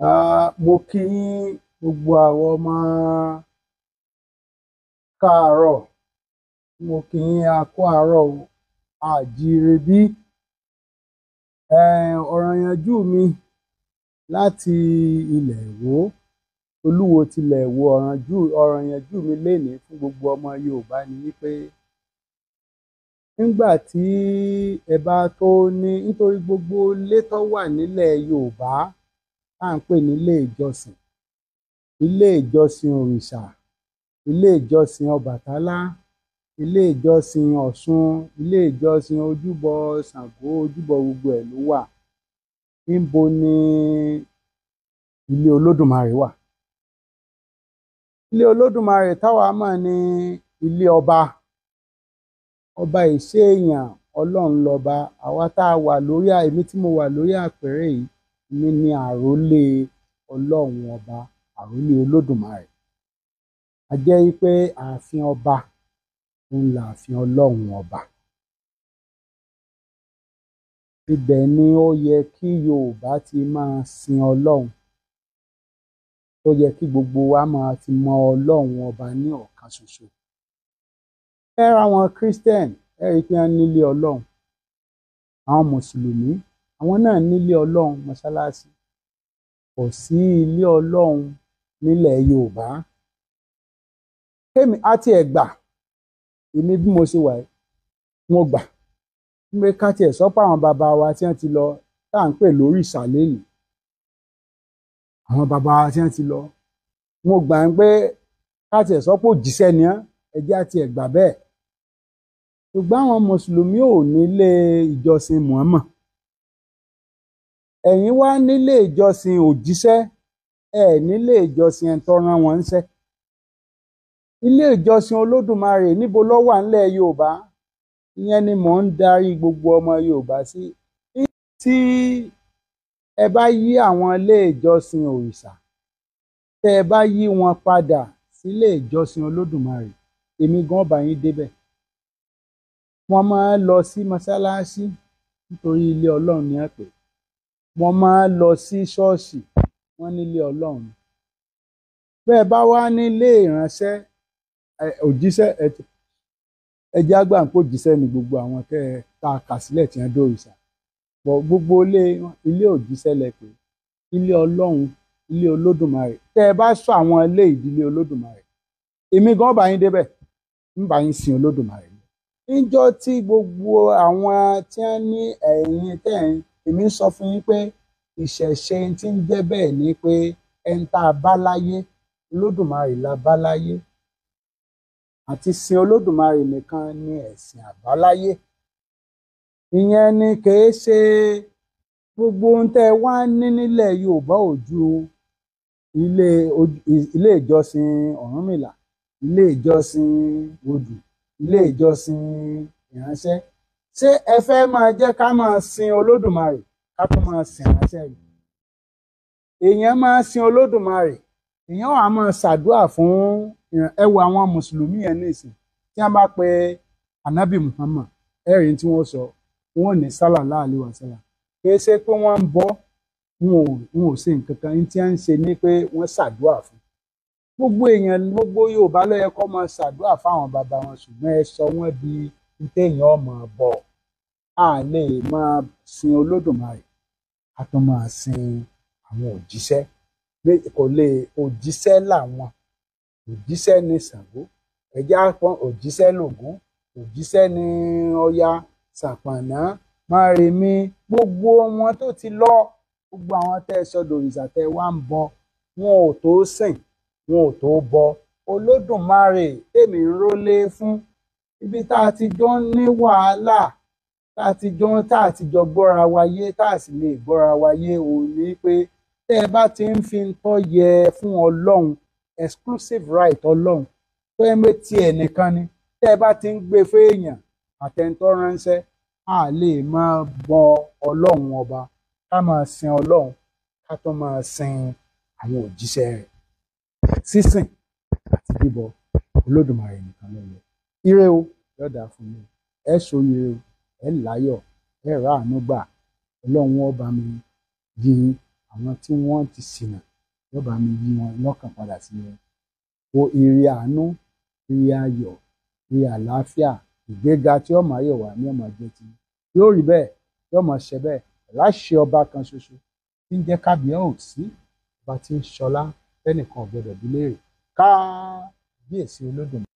Ah, mo kí yín gbogbo àwọn ọmọ káàárọ̀ mo kí yín a kú àárọ̀ o àjíire bí ọ̀rọ̀ yanjú mi láti ilẹ̀ Ìwó Olúwo tilẹ̀ Ìwó ọ̀rọ̀ yanjú mi lénìí fún gbogbo ọmọ Yorùbá ni wípé nígbà tí ẹ bá tó ní nítorí gbogbo ilé wà nílẹ̀ Yorùbá tá à ń pè ní ilé ìjọsìn ilé ìjọsìn òrìṣà ilé ìjọsìn ọbàtálá ilé ìjọsìn ọ̀ṣun ilé ìjọsìn ojúbọ ṣàngó ojúbọ gbogbo ẹ̀ ló wà níbo ni ilé olódùmarè wà ilé olódùmarè táwa mọ̀ ní ilé ọba ọba ìṣe èèyàn ọlọ́run lọ́ba àwa tá a wà lórí èmi tí mo wà lórí àpèrè yìí mi ni àrólé ọlọ́run ọba àrólé olódùmarè a jẹ́ pé ààfin ọba òun lààfin ọlọ́run ọba ibẹ̀ ni ó yẹ kí Yorùbá ti máa sin ọlọ́run ó yẹ kí gbogbo wa máa ti mọ ọlọ́run ọba ní ọ̀kan ṣoṣo ẹ ra àwọn Christian ẹ rí i pé wọ́n nílé ọlọ́run àwọn mùsùlùmí àwọn náà nílé ọlọ́run mọ́ṣáláṣí kò sí ilé ọlọ́run nílẹ̀ yorùbá kémi àti ẹ̀ gbà èmi bí mo ṣe wà wọn gbà pé ká tiẹ̀ sọ pé àwọn bàbá wa tí wọ́n ti lọ tá à ń pè lórí ìsàlẹ̀ yìí àwọn bàbá wa tí wọ́n ti lọ wọn gbà pé ká tiẹ̀ sọ pé òjíṣẹ́ ni án ẹ̀jẹ̀ àti ẹ̀ gbà bẹ́ẹ̀ àwọn mùsùlùmí ò nílé ìjọsìn Muhammad ẹ̀yin wá nílé ìjọsìn òjíṣẹ́ ẹ nílé ìjọsìn ẹ̀ńtọ́ rán wọn ńṣẹ́ ilé ìjọsìn olódùmarè níbo ló wà ńlẹ̀ yorùbá ìyẹn ni mò ń darí gbogbo ọmọ yorùbá sí tí ẹ bá yí àwọn ilé ìjọsìn òrìṣà tẹ ẹ bá yí wọn padà sílé ìjọsìn olódùmarè èmi gan bá yín débẹ̀ wọ́n máa ń lọ sí mọ́sálásí nítorí ilé ọlọ́run ni ẹ pè é wọ́n máa ń lọ sí ṣọ́ọ̀ṣì wọ́n nílé ọlọ́run bẹ́ ẹ bá wá nílé ìránṣẹ́ òjíṣẹ́ ẹjẹ́ àgbà ń pò ni gbogbo àwọn tẹ́ ẹ ta kà sílẹ̀ tí wọ́n dòrìṣà bọ̀ gbogbo ilé òjíṣẹ́ lẹ pé ilé ọlọ́run ilé olódùmarè tẹ́ ẹ bá sọ àwọn ilé ìdílé olódùmarè èmi gan bá yín débẹ̀ ń bá yín sin olódùmarè níjọ́ tí gbogbo àwọn tí wọ́n ní ẹ̀yìn tẹ́yìn èmi ń sọ fún yín pé ìṣẹ̀ṣe tí ń jẹ́ bẹ́ẹ̀ ni pé ẹni tá a bá láyé olódùmarè la bá láyé àti sin olódùmarè nìkan ni ẹ̀sìn àbáláyé ìyẹn ni kìí ṣe gbogbo ohun tẹ́ ẹ wá ní nílẹ̀ Yorùbá ò ju ilé ilé ìjọsìn Ọ̀rúnmìlà ilé ìjọsìn odù ilé ìjọsìn ìránṣẹ́ ṣé ẹ fẹ́ máa jẹ́ ká máa sin olódùmarè ká tó máa sin àṣẹ rẹ̀ èèyàn máa sin olódùmarè èèyàn wà máa ṣàdúrà fún ẹ wo àwọn mùsùlùmí yẹn nìsín tí wọ́n bá pe anabi muhammad ẹ̀rín tí wọ́n sọ wọn ò ní sálà láàlú wàsálà kì í ṣe pé wọ́n ń bọ́ wọn ò wọn ò ṣe nǹkan kan ní tí wọ́n ń ṣe ni pé wọ́n ṣàdúrà fún gbogbo èèyàn gbogbo yorùbá ló yẹ kó máa ṣàdúrà fáwọn bàbá wọn ṣùgbọ́n ẹ sọ wọ́n di ní ọmọ bọ̀ ọ́ a lè máa sin olódùmarè a tún máa sin àwọn òjíṣẹ́ kò lè òjíṣẹ́ làwọn òjíṣẹ́ ni Ṣàngó ẹjá pọn òjíṣẹ́ lògún òjíṣẹ́ ni Ọya Ṣàpọ̀nná Mọ́remí gbogbo wọn tó ti lọ gbogbo àwọn tẹ́ ẹ sọdọ òrìṣà tẹ́ ẹ wá ń bọ wọn ò tó sìn wọn ò tó bọ Olódùmarè tèmi ń rólé fún ibi tá a ti jọ ń ní wàhálà tá a ti jọ tá a ti jọ gbọ́ra wa yé tá a sì lè gbọ́ra wa yé o ní pé tẹ́ ẹ bá ti ń fi tọ́ yẹ fún ọlọ́run exclusive right ọlọ́run tó ẹ mé tiẹ̀ nìkan ni tẹ́ ẹ bá ti ń gbé fẹ́ẹ̀yàn àtẹ̀ntọ́ ránṣẹ́ a lè máa bọ ọlọ́run ọba ká máa sin ọlọ́run ká tó máa sin àwọn òjíṣẹ́ rẹ̀ sísìn àti bíbọ olódùmarè nìkan ló yẹ ire o yọ̀dà fún mi ẹ̀ ṣòye o ẹ láyọ̀ ẹ ráàánú gbà ọlọ́run ó bá mi yí àwọn tí wọ́n ti ṣìnà yóò mi yí wọn lọ́kàn padà sí wọn o ire àánú ire ayọ̀ ire àlàáfíà ìgbéga tí ọmọ ayọ̀ wà ní ọmọ ẹgbẹ́ ti yóò rí bẹ́ẹ̀ yóò mọ̀ ṣe bẹ́ẹ̀ láṣẹ ọba kan ṣoṣo tí ń jẹ́ kábíyá ò sí ọba tí ń ṣọlá tẹ́nìkan ò bí léèrè kábíyèsí olódùmarè.